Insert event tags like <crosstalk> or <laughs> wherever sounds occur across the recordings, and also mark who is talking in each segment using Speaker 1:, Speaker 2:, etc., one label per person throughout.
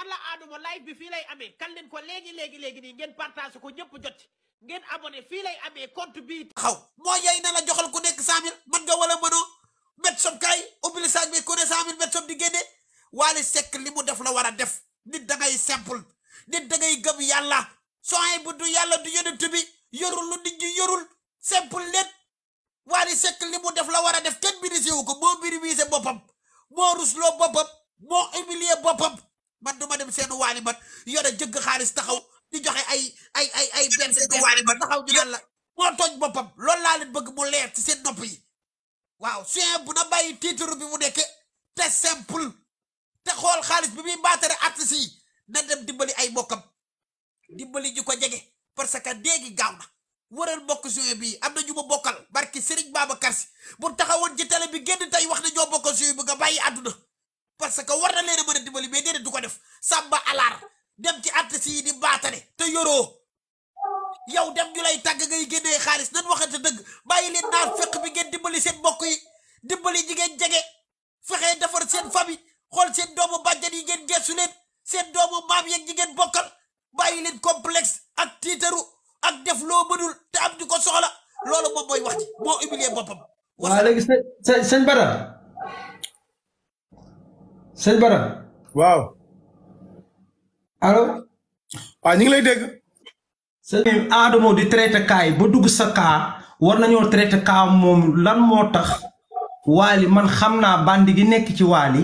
Speaker 1: alla aaduma live bi fii lay amee kan leen ko léegi léegi léegi nii ngeen partage ko ñëpp jot ngeen abonné fii lay amee compte bi taxaw moo yey na la joxal ku nekk cent mille mën nga wala mënoo bet sob kaay ubbil saag bi ku ne cent mille bet sob di génne Wally Seck li mu def la war a def nit da ngay simple nit da ngay gëm yàlla soxna bu du yàlla du yonent bi yorul lu nit ñi yorul simple leen Wally Seck li mu def la war a def kenn birisewu ko moo birimise boppam moo rusloo boppam moo humilier boppam seen seetu waali bat yore jëgg xaalis taxaw di joxe ay ay ay ay benn seetu taxaw ñu naan la moo tooñ boppam loolu laa leen bëgg mu leer ci seen nopp yi waaw suin bu na bàyyi titre bi mu nekke te simple te xool xaalis bi muy baatare artiste yi na dem dimbali ay mbokkam dimbali ji ko jege parce que déegi gaaw na waral mbokk suwe bi am na ñu bokkal barki Serigne baaba Si bu taxawoon ci télé bi génn tey wax na joo bokk suwe bi nga bàyyi àdduna parce que war na leen a dimbali mais déedéet du ko def sàmba alaar dem ci artiste yi di baatale te yoroo yow dem ñu lay tàgg ngay génnee xaalis nan te dëgg bàyyi leen naa fekk bi ngeen dimbali seen bokk yi dimbali ñi ngeen jege fexe defar seen famille xool seen doomu bàjjan yi ngeen geesu leen seen doomu maam yeeg ñi ngeen bokkal bàyyi leen complexe ak tiitaru ak def loo mënul te am ñu ko soxla loolu moom mooy wax ji moo humilier boppam. waaw léegi sëñ
Speaker 2: sëñ Bara. waaw. allo. waaw ñu ngi lay dégg. sëñ bi Adamo di traité kaay yi ba dugg sa cas war nañoo traité cas moom lan moo tax Wally man xam naa bandi gi nekk ci Wally.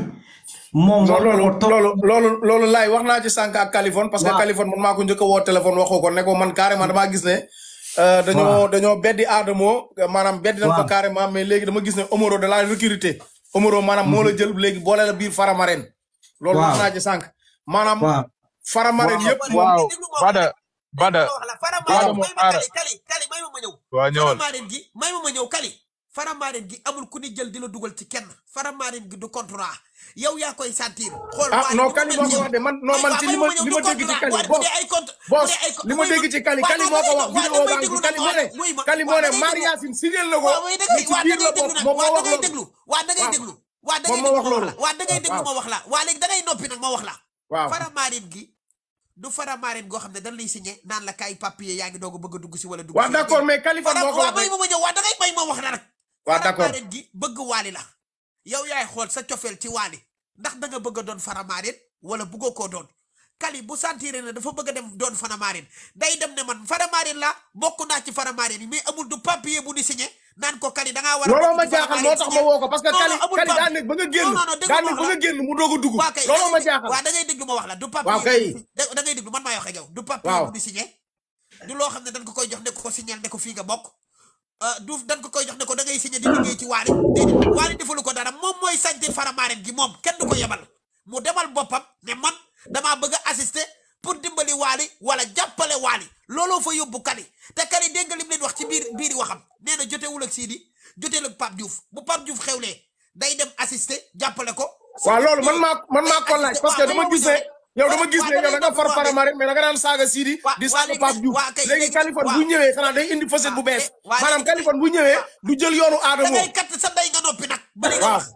Speaker 2: moom loolu loolu loolu loolu wax naa ci sànq ak Californie. parce que Californie man maa ko woo téléphone waxoo ko ne ko man carrément damaa gis ne. Euh, dañoo dañoo beddi Adamo maanaam beddi nañ ko carrément mais léegi dama gis ne Omaro da laa recruter. Omaro maanaam moo la mhm. jël léegi boole biir Faramaren. loolu wax naa sànq. maanaam. waaw Faramaren yëpp. waaw Bada Bada. waaw
Speaker 1: Faramaren may ma ma ñëw. may ma ma ñëw kali. faramaareen gi amul ku ni jël di dugal ci kenn faramaareen gi du contrat yow yaa koy sentir. xool ah non Kali moo ko wax de man non man ci li ma li ma dégg ci Kali boss boss li na ko ci biir
Speaker 2: la bokk moom moo wax loolu waaw da ngay
Speaker 1: wax la waaw léegi da ngay noppi nag ma wax la waaw gi du faramaareen goo xam a bëgg a dugg si wala ma ma ñëw waaw may ma wax rek waaw d'accord faramaren gi bëgg waali la yow yaay xool sa cofeel ci waali ndax da nga bëgg a doon faramaren wala bëggoo koo doon kali bu sentir ne dafa bëgg dem doon faramaren day dem ne man faramaren la bokk naa ci faramaren yi mais amul du papier bu ni signé naan ko kali da ngaa a looloo ma jaaxal ko parce que kali kali daa nekk ba nga génn a dugg looloo ma jaaxal waaw da ngay ma wax la du papier bu ni signé du loo xam ne dañ ko koy jox ne ko signal ne ko fii nga bokk Ah, duuf dañ ko koy jox ne ko da ngay ñe di liggéey ci waali déedéet waali defalu ko dara moom mooy sañte faramaaren gi moom kenn du ko yebal mu demal boppam ne man damaa bëgg a assister pour dimbali waali wala jàppale waali looloo fa yóbbu kani te kani dégg nga lim leen wax ci biir biiri waxam nee jote jotewul ak Sidi joteel ak Pape Diouf bu Pape Diouf xewlee day dem assister jàppale ko. waaw loolu man maa man maa ko laaj parce que dama gis yow dama gis ne yow da nga far
Speaker 2: faramare mais da nga daan saaga Sidi di saaga Pape Diouf léegi Kaliphone bu ñëwee xanaa day indi facette bu bees maanaam Kaliphone bu ñëwee du jël yoonu aadama da ngay kat sa day nga noppi nag bari nga wax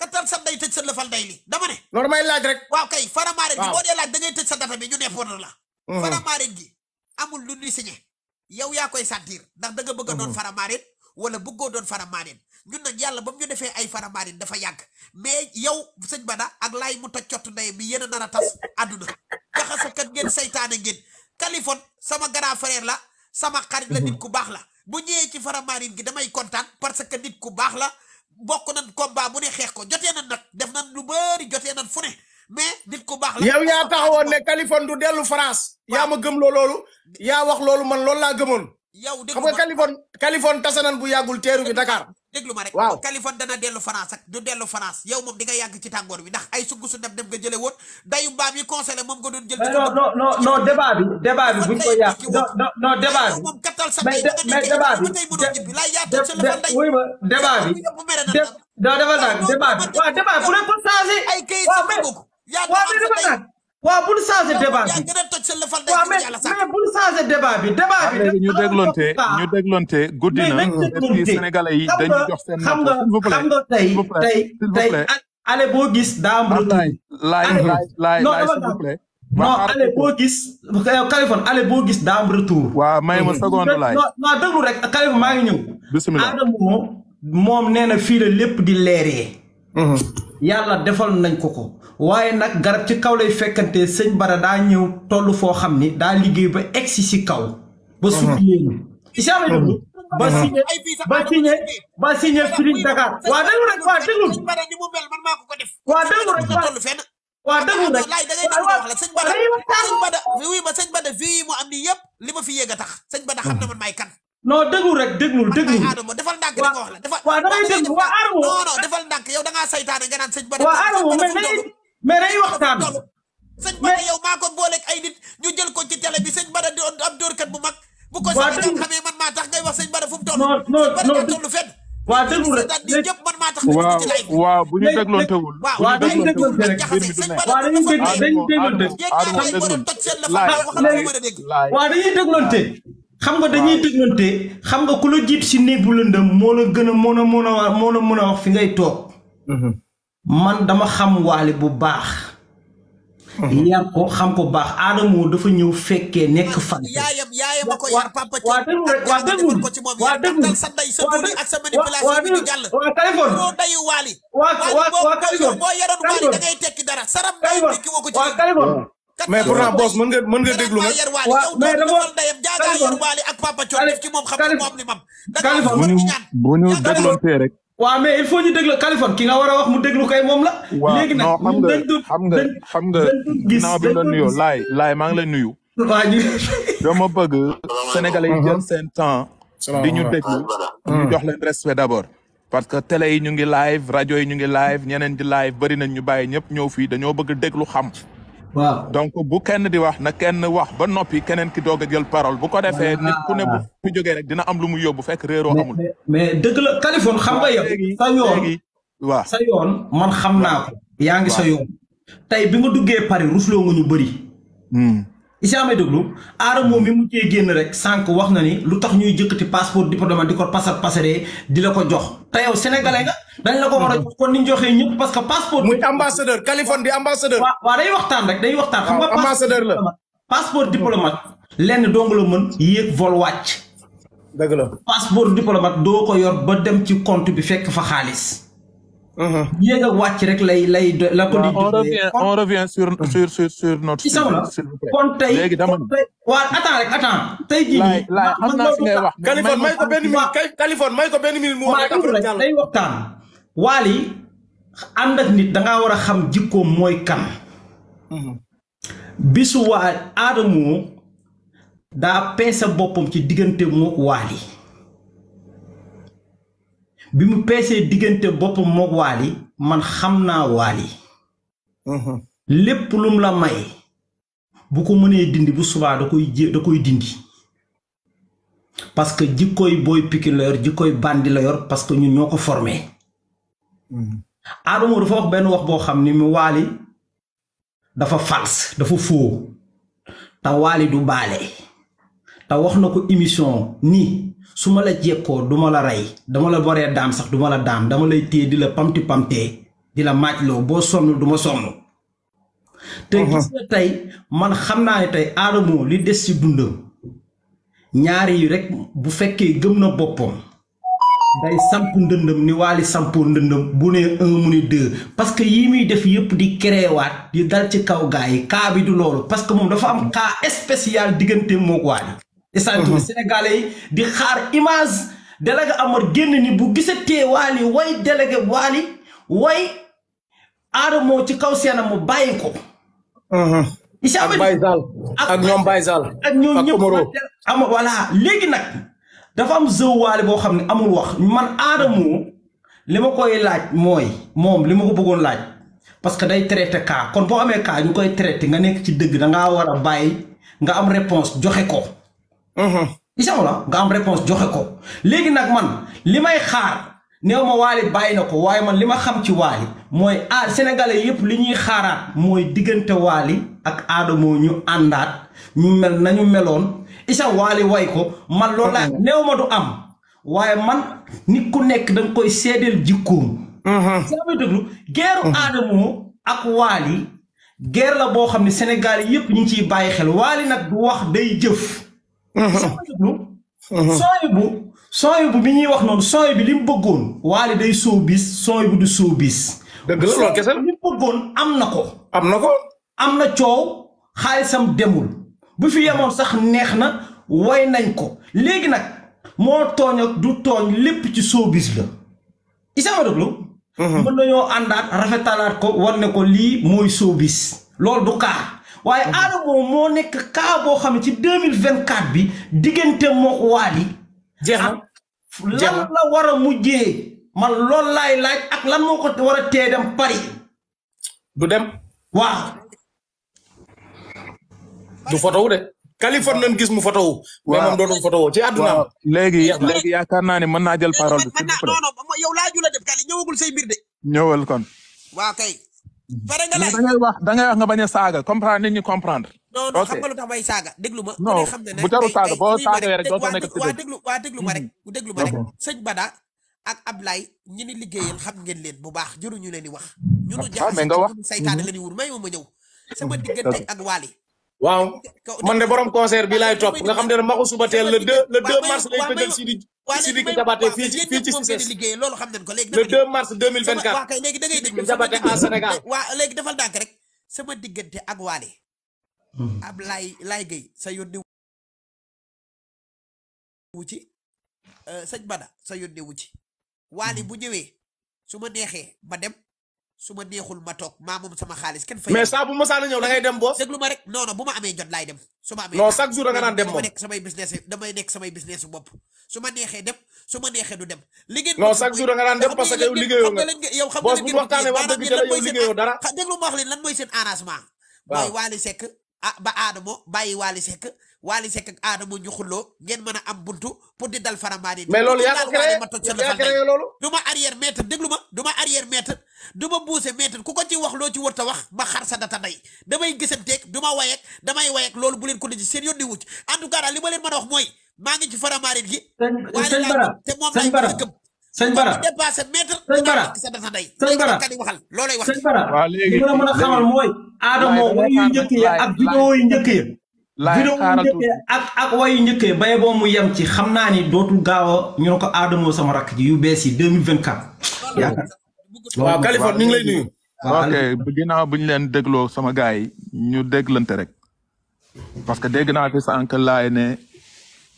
Speaker 1: kattal sa day tëj sa lëfal day li kay faramare gi boo dee laaj da ngay tëj sa bi ñu neppoon la mm-hmm. faramare gi amul lu ñuy signé yow yaa koy sentir ndax da nga bëgg a doon mm-hmm. faramare wala buggoo doon faramaarin ñun nag yàlla ba mu ñu defee ay faramaarin dafa yàgg mais yow sëñ Bada ak laay mu ta cott ndey mi yéen a nar a tas àdduna jaxase kat ngeen seytaane ngeen Kaliphone sama grand frère la sama xarit la mhm. nit ku baax la bu ñëwee ci faramaarin gi damay kontaan parce que nit ku baax la bokk nañ combat bu ne xeex ko jotee nañ nag def nañ lu bëri jotee nañ fu ne mais nit ku baax la. yow yaa
Speaker 2: taxawoon ne Kaliphone du dellu France. yaa ma gëm loo loolu. yaa wax loolu man loolu laa gëmoon. yow déglu xam nga Californie bu yàggul teeru bi Dakar.
Speaker 1: déglu ma rek waaw Californie dana dellu France ak du dellu France yow moom di nga yàgg ci tàngoor bi ndax ay sugg su dem ga nga jëlee woon dayu baam yi moom nga doon jël. non non non
Speaker 2: non débat bi débat bi ko yàq non non non débat bi mais mais débat bi débat bi non dafa nag débat bi waaw débat bu ne ko changé. waaw mais waaw mais dafa nag. waaw bul changer débat bi waaw bul changer débat bi débat bi. ñu déglonte ñu déglonte
Speaker 3: guddi na est-ce que sénégalais yi dañuy jox seen xam
Speaker 2: nga xam boo gis daa am retour. boo gis Kaliphone ale boo gis daa am retour. waaw may ma seconde laay. non déglu rek Kaliphone maa ngi ñëw. moom nee na fii lépp di leeree. Mm-hmm. yàlla defal nañ ko ko waaye nag garab ci kaw lay fekkante sëñ Bara daa ñëw toll foo xam ni daa liggéey ba egsi si kaw. ba mhm. suñu ñu. Mhm. Mhm. ba signé ba signé ba signé Feeling Dakar waa déglu rek waa déglu.
Speaker 1: waa déglu rek waa déglu rek. sëñ Bada sëñ Bada oui ma sëñ Bada vie yi mu am nii yëpp li ma fi yéeg a tax sëñ Bada xam na man maay kan. non déglu rek déglul déglul. waaw waaw damay déglu waa Adama. ngaa saytaane nga naan sëñ Bada. waaw mais day waxtaan. sëñ Bada yow maa ko booleeg ay nit ñu jël ko ci télé bi sëñ Bada di am dóorkat bu mag. bu ko Sénégal xamee man maa tax ngay wax sëñ Bada fu mu toll. non non non toll fenn. waaw déglu rek ñëpp man maa tax ci lay waaw bu ñu dégloon
Speaker 3: teewul waaw
Speaker 2: dañu dégloon rek sëñ Bada waaw dañu dégloon dañu dégloon te xam nga dañuy déglante xam nga ku la jiit si néeg bu lëndëm moo la gën a mën a mën a mën a mën a wax fi ngay toog Mhm. man dama xam waali bu baax. Mhm. yar ko xam ko baax moo dafa ñëw fekkee nekk fan.
Speaker 1: yaayam yaayam ko yar papa ci waa déglu rek waa déglu waa déglu sa day sa dund sa manipulation bi di jàll. waa Californie loo dayu waali. waa waa Californie boo yaroon waali da ngay tekki dara. saram day tekki woo ko ci waa Californie.
Speaker 2: mais pourtant boss mën nga mën nga déglu nag. waaw
Speaker 1: mais ak papa Thion def ci moom xam ne moom ni mam.
Speaker 2: Californie bu ñu dégloon tee waa mais il faut ñu déglu Kaliphone ki nga war a wax mu déglu kay
Speaker 3: moom la. xam nga xam nga xam nga la nuyoo laay laay maa ngi lay nuyu. waa ñu. <laughs> dama bëgg sénégalais yi mhm. jël seen temps. di ñu déglu ñu jox leen respect d'abord. parce que télé yi ñu ngi live rajo yi ñu ngi live ñeneen di live bari nañ ñu bàyyi ñëpp ñëw fii dañoo bëgg déglu xam. waaw donc bu kenn di wax na kenn wax ba noppi keneen ki doog a jël parole bu ko defee nit ku ne bu fi jógee rek dina am lu mu yóbbu fekk
Speaker 2: réeroo amul. mais dëgg la Kaliphone xam nga yow. sa yoon waaw sa yoon man xam naa ko. yaa ngi sa yoon. tey bi ma duggee Paris rusloo nga ñu bëri. Hmm. Issa may déglu aara moom mm-hmm. i mujjee génn rek sànq wax na ni lu tax ñuy jëkkati passeport diplomate di ko pasar pasaree di la ko jox te yow sénégalais nga dañ la ko war a mm-hmm. kon ni ñu joxee parce que passeport. muy ambassadeur Californie di ambassadeur. waaw waaw day waxtaan rek dañu waxtaan. xam nga ambassadeur la passeport diplomate. lenn dong la mën yéeg vol wàcc. dëgg la passeport diplomate doo ko yor ba dem ci compte bi fekk fa xaalis. Uh-huh. yéeg ak wàcc rek lay lay la ko di. on revient on revient sur uh-huh. sur sur sur notre. ci sama kon tey léegi dama. rek attends tey jii. laay may ko benn minute Kaliphone may ko mu wax rek day waxtaan. Wally nit danga war a xam jikkoom mooy kan. Uh-huh. bisu waa Adamo daa peese boppam ci diggante mu Wally bi mu peesee diggante boppam moog Wally man xam naa Wally mhm. lépp lum la may bu ko mënee dindi bu subaa da koy da koy dindi parce que jikkooy booy Pikine la yor jikkooy bandi la yor parce que ñun ñoo ko formé mhm. Adamo dafa wax benn wax boo xam ni mu Wally dafa fals dafa faux te Wally du baale te wax na ko émission nii su ma la jekkoo duma la rey dama la waree daan sax du ma la daan dama lay téye di la pamti pamtee di la maajloo boo sonn duma ma sonn. te uh-huh. gis nga tey man xam naa ne tey Adamo li des ci dundam ñaari yi rek bu fekkee gëm na boppam. day samp ndëndëm ni waali sampoo ndëndëm bu ne un mu ne deux parce que yii muy def yëpp di créewaat di dal ci kaw gaa yi kaa bi du loolu parce que moom dafa am kaa spécial diggante moo waali instant bi mhm. Sénégalais yi di xaar image délégué Amar génn ni bu gisatee Wally way délégué Wally way Adamo ci kaw seenam mu bàyyi ko. Mhm. incha ak Baye Zal ak ñoom Baye Zal ak ñoom ñëpp am voilà léegi nag dafa am jëw Wally boo xam ne amul wax man Adamo li ma koy laaj mooy moom li ma ko bëggoon laaj parce que day traité cas kon boo xamee kaa ñu koy traité nga nekk ci dëgg da ngaa war a bàyyi nga am réponse joxe ko. Uh-huh. isamu la nga am réponse joxe ko léegi nag man li may xaar néew ma waali bàyyi na ko waaye man li ma xam ci waali mooy ah sénégalais li ñuy xaaraat mooy diggante waali ak aadamoo ñu àndaat ñu mel nañu meloon isa waali way ko man loolu laa uh-huh. ma du am waaye man nit ku nekk danga koy seedeel jikkoom uh-huh. samay déglu geeru aadamoo ak waali geer boo xam ne sénégalais yépp ñu ciy bàyyi xel waali nag du wax day jëf Mhm. sooy bu sooy bu bi ñuy wax noonu sooy bi li mu bëggoon waale day sóobis sooy bu du sóobis. dëgg la loolu kese la li mu bëggoon am na ko. am na ko. am na coow xaalisam demul bu fi yemoon sax neex na nañ ko léegi nag moo tooñ ak du tooñ lépp ci sóobis la isa ma déglu. mën nañoo àndaat rafetalaat ko war ne ko lii mooy sóobis loolu du kaa. waaye aada mhm. moo nekk cas boo xam ne ci deux mille vingt quatre bi diggante mook Wally jeex na lan la war a mujjee ma loolu laay laaj ak lan moo ko war a tee dem Paris du dem waa du photo de Kaliphone nañ gis mu photo wu mais moom doonul photo wu ci àdduna léegi yaakaar
Speaker 3: naa ne mën naa jël parole bi non
Speaker 1: non yow laaju la def Kali say mbir de ñëwal kon waaw
Speaker 3: pare nga lay da ngay wax da ngay wax nga bañ a saaga comprendre nit ñi comprendre.
Speaker 1: non non xam nga lu tax may saaga déglu ma. non bu jarul saaga boo saagawee rek doo nekk ci déglu waa déglu ma rek. bu mm-hmm. déglu ma rek sëñ Bada ak Ablaye ñi ni liggéeyal xam ngeen leen bu baax jëruñu leen di wax. ñu nu ah, jaxase saytaane mm-hmm. la di wur may ma ma ñëw. Mm-hmm. sama diggante ak Waly waaw
Speaker 2: man de borom concert bi laay topp nga xam ne maxu suba teel le deux le deux mars lay tëggal Sidi Sidi Diabaté
Speaker 1: fii ci fii ci Cissé le deux mars deux mille vingt léegi da ngay sama diggante hmm. ab Waly ab laay laay gay sa yónni wu ci euh, sëñ Bada sa yónni wu ci Waly hmm. bu ñëwee su ma neexee ba dem su ma neexul ma toog maa moom sama xaalis kenn fay. mais saa bu masaana ñëw da ngay dem boos. déglu ma rek non non bu ma amee jot laay dem. su ma amee non chaque jour da nga naan dem moom damay nekk samay business damay nekk samay business bopp su ma neexee dem su ma neexee du dem. li ngeen non liggéeyoo nga boos bu waxtaanee wax dëgg lan mooy seen arrangement. waaw mooy Wally ah, ba Adamo bàyyi Wally Seck Wally Seck ak Adamo ñu xulloo ngeen mën a am buntu pour di dal farambaane. mais loolu yaa ko créé yaa créé loolu. du ma arrière mètre déglu ma ma arrière mètre du ku ko ci wax loo ci wër ta wax ma xar sa data day damay gisanteeg du ma wayeeg damay wayeeg loolu bu leen ko liggéey seen yoon di wucc en tout cas a wax mooy maa ngi ci farambaane gi. sëñ Bara sëñ Bara sëñ Bara sëñ Bara sëñ Bara sëñ Bara
Speaker 2: sëñ Bara. waaw léegi li ma la mën mooy. Adamo yu njëkk ya ak vidéo yu njëkk laay xaaratu vidéo ak ak wayu bay boo mu yem ci xam naa ni gaaw a ñu ne ko sama rakk yu bees yi 2024. yaakaar waaw lay nuyu.
Speaker 3: ok ginnaaw bi leen dégloo sama gars yi ñu déglante rek. parce que dégg naa fi sànq lay ne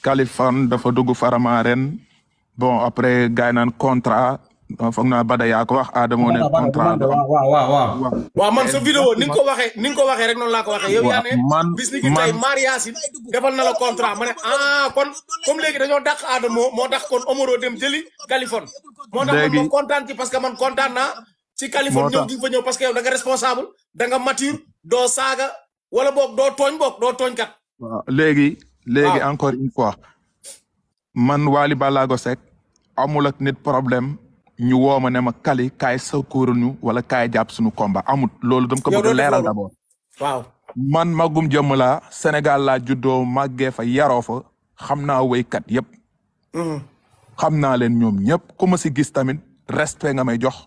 Speaker 3: Kaliphone dafa dugg farama bon après gars naan contrat. foog naa Bada yaa ko wax Adama ne contrat de
Speaker 2: waaw waaw vidéo ni nga ko waxee ni nga ko waxee rek noonu laa ko waxee yow yaa ne bis ni ki tey na la contrat ma ne ah kon comme léegi dañoo dàq Adama moo dem jëli Californie moo tax man ma kontaan ci parce que man kontaan na ci Californie ñëw gi nga parce que yow da nga responsable da nga mature doo saaga wala boog doo tooñ boog doo tooñ kat
Speaker 3: waaw léegi léegi ah. encore une fois man Wally Ballago Seck amul nit problème ñu woo ma ne ma kali kaay sakóoru wala kaay jàpp suñu combat amut loolu dam ko bëgg leeral d'abord waaw man magum jëmm laa Sénégal laa juddoo màggee fa yaroo xam naa woykat yëpp mm. xam naa leen ñoom ñëpp kuma ma si gis tamit respect nga may jox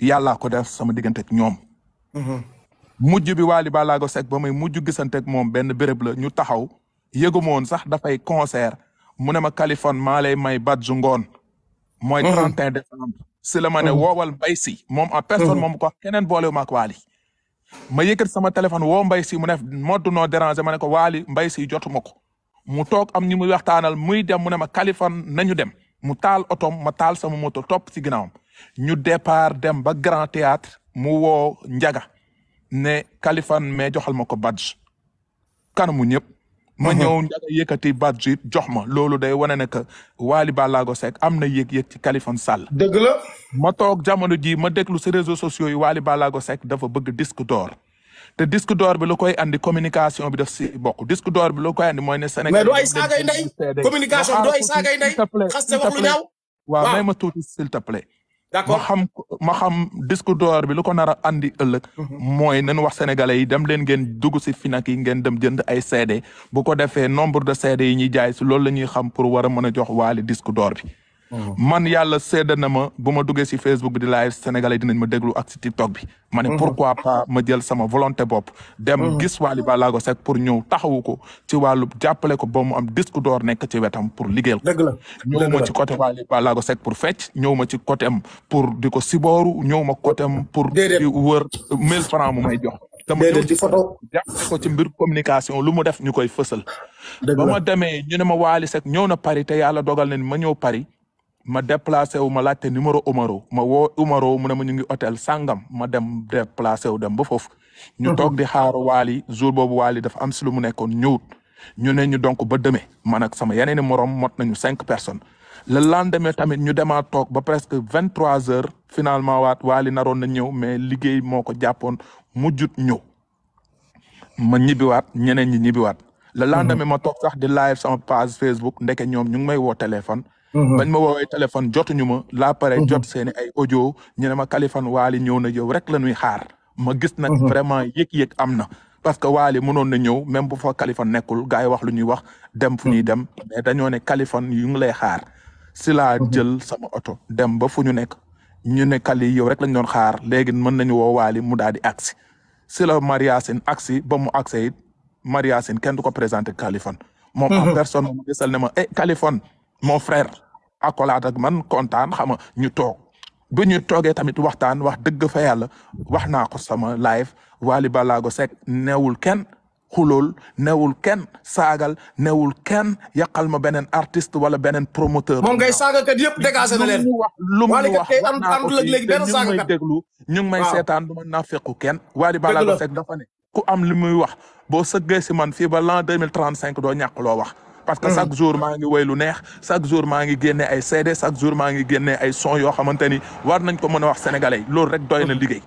Speaker 3: yàllaa ko def sama diggante ak ñoom mm-hmm. mujj bi Wally Ballago sek ba may mujj gisante ak moom benn béréb la ñu taxaw yëgu ma woon sax dafay concert mu ne ma Kaliphone lay may badju ngoon mooy 31 décembre si la ne woowal mbay si moom a personne moom ko keneen boole maak waali ma yëkkat sama téléphone woo mbay si mu ne Modou noo dérangé ma ne ko waali mbay si jotuma ko mu toog am ñu muy waxtaanal muy dem mu ne ma Kaliphone nañu dem mu taal otom ma taal sama moto topp ci ginnaawam ñu départ dem ba Grand Théâtre mu woo Njaga ne Kaliphone mais joxal ma ko badge kanamu ñëpp ma uh-huh. ñëw njaga yëkkati budget jox ma loolu day wane ne que Waly Ballago Seck am na yëg-yëg ci Kaliphone Sall. dëgg ma toog jamono jii ma déglu si réseaux sociaux yi Waly Ballago Seck dafa bëgg disque door te disque door bi la koy andi communication bi daf si bokk disk d'or bi la koy andi mooy ne. Sénégal mais du ay saagay ndey communication du ay saagay ndey. xaste may ma tuuti s'il te d'accord ma xam ma xam disque d'or bi lu ko nar a andi ëllëg. Mhm. mooy nañu wax sénégalais yi dem leen ngeen dugg si Fnac yi ngeen dem jënd ay CD bu ko defee nombre de CD yi ñuy jaay si loolu la ñuy xam pour war a mën a jox waali disque d'or bi. Mm-hmm. man yàlla seede na ma bu ma duggee si Facebook bi di live sénégalais dinañ ma déglu ak si TikTok bi. ma ne mm-hmm. pourquoi pas ma jël sama volonté bopp. dem mm-hmm. gis Wally Ballago Seck pour ñëw taxawu ko ci wàllu jàppale ko ba mu am disque d'or nekk ci wetam pour liggéeyal ko. dëgg la ñëw ma ci côté Wally Ballago Seck pour fecc ñëw ma ci côté am pour di ko sibooru ñëw ma côté am pour. di wër mille francs mu may jox. déedéet di photo jàppale ko ci mbir communication lu mu def ñu koy fësal. ba ma demee ñu ne ma Wally Seck ñëw na pari te yàlla dogal na ma ñëw pari ma déplacé wu ma laajte numéro Umaro ma woo Umaro mu ne ma ñu ngi hôtel sangam ma dem déplacé wu dem ba foofu. ñu mhm. toog di xaar Waly jour boobu Waly dafa am si lu mu nekkoon ñëwut. ñu ne ñu donc ba demee man sama yeneen i morom mot nañu cinq personnes. le lendemain tamit ñu demaat toog ba presque vingt trois heures finalement waat waali naroon na ñëw mais liggéey moo ko jàppoon jut ñëw. ma ñibbiwaat ñeneen ñi ñibbiwaat. le mhm. lendemain ma toog sax di live sama page Facebook ndeke ñoom ñu ngi may woo téléphone. Mhm. bañ ma woowee téléphone jotuñu ma. laa pare mhm. jot seen ay audio ñu ne ma Kaliphone Waly ñëw na yow rek la ñuy xaar. ma gis nag mhm. vraiment yëg-yëg am na. parce que Waly mënoon na ñëw même bu fa Kaliphone nekkul gars yi wax lu ñuy wax dem fu ñuy dem mais dañoo ne Kaliphone yu ngi lay xaar. si laa jël sama oto dem ba fu ñu nekk ñu ne Kali yow rek lañ doon xaar léegi mën nañu woo Waly mu daal di agsi si la Mariasine agsi ba mu agsee it Mariasine kenn du ko présenté Kaliphone. en personne mu desal ma eh accolade ak man kontaan xam nga ñu toog ba ñu toogee tamit waxtaan wax dëgg fa yàlla wax naa ko sama live Wally Ballago Seck newul kenn xulool newul kenn saagal newul kenn yàqal ma beneen artiste wala beneen promoteur. moom ngay saagakat yëpp dégagé na leen. lu mu wax am am léegi benn déglu ñu ngi may seetaan du ma naafeeku kenn. Wally Ballago Seck dafa ne ku am li muy wax boo sëggee si man fii ba l'an deux mille trente cinq doo ñàkk loo wax. parce que chaque jour maa ngi woy lu neex chaque jour maa ngi génne ay CD chaque jour maa ngi génne ay son yoo xamante ni war nañ ko mën a wax sénégalais yi loolu rek doy na liggéey.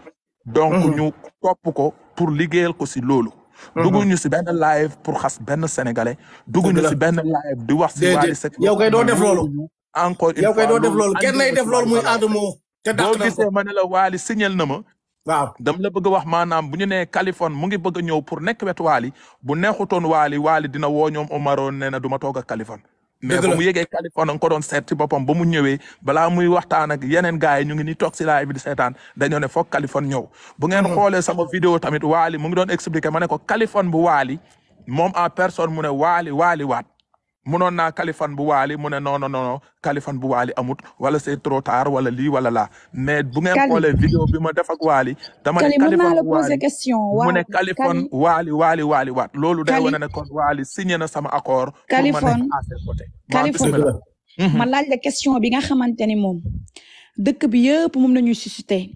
Speaker 3: donc mhm. ñu topp ko pour liggéeyal ko si loolu. Mhm. dugguñu si benn live pour xas benn sénégalais. dugguñu si benn live di wax si Wally Seck. yow kay doo def loolu. encore une fois yow kay def loolu kenn lay def loolu muy Adamo. te dàq na ko boo gisee ma ne na ma. waaw dam la bëgg a wax maanaam bu ñu nee Kaliphone mu ngi bëgg ñëw pour nekk wet Wally bu neexutoon Wally Wally dina woo ñoom Omaro nee na du ma toog ak Kaliphone mais ba mu yegee Kaliphone nga ko doon seet ci boppam ba mu ñëwee balaa muy waxtaan ak yeneen gars yi ñu ngi ni toog si laay bi di seetaan dañoo ne foog Kaliphone ñëw bu ngeen hmm. xoolee sama vidéo tamit Wally mu ngi doon expliquer ma ne ko Kaliphone bu Wally moom en personne mu ne Wally Wally mënoon naa Kaliphone bu waali mu ne non non non bu waali amut wala c'est trop wala lii wala laa mais bu ngeen xoolee vidéo bi ma def ak waali dama ne Kaliphone
Speaker 1: waali mu ne Kaliphone
Speaker 3: waali waali waali waat loolu day wane ne kon waali signé na sama accord Kaliphone
Speaker 1: ma laaj la question bi nga xamante ni moom dëkk bi yëpp moom la ñuy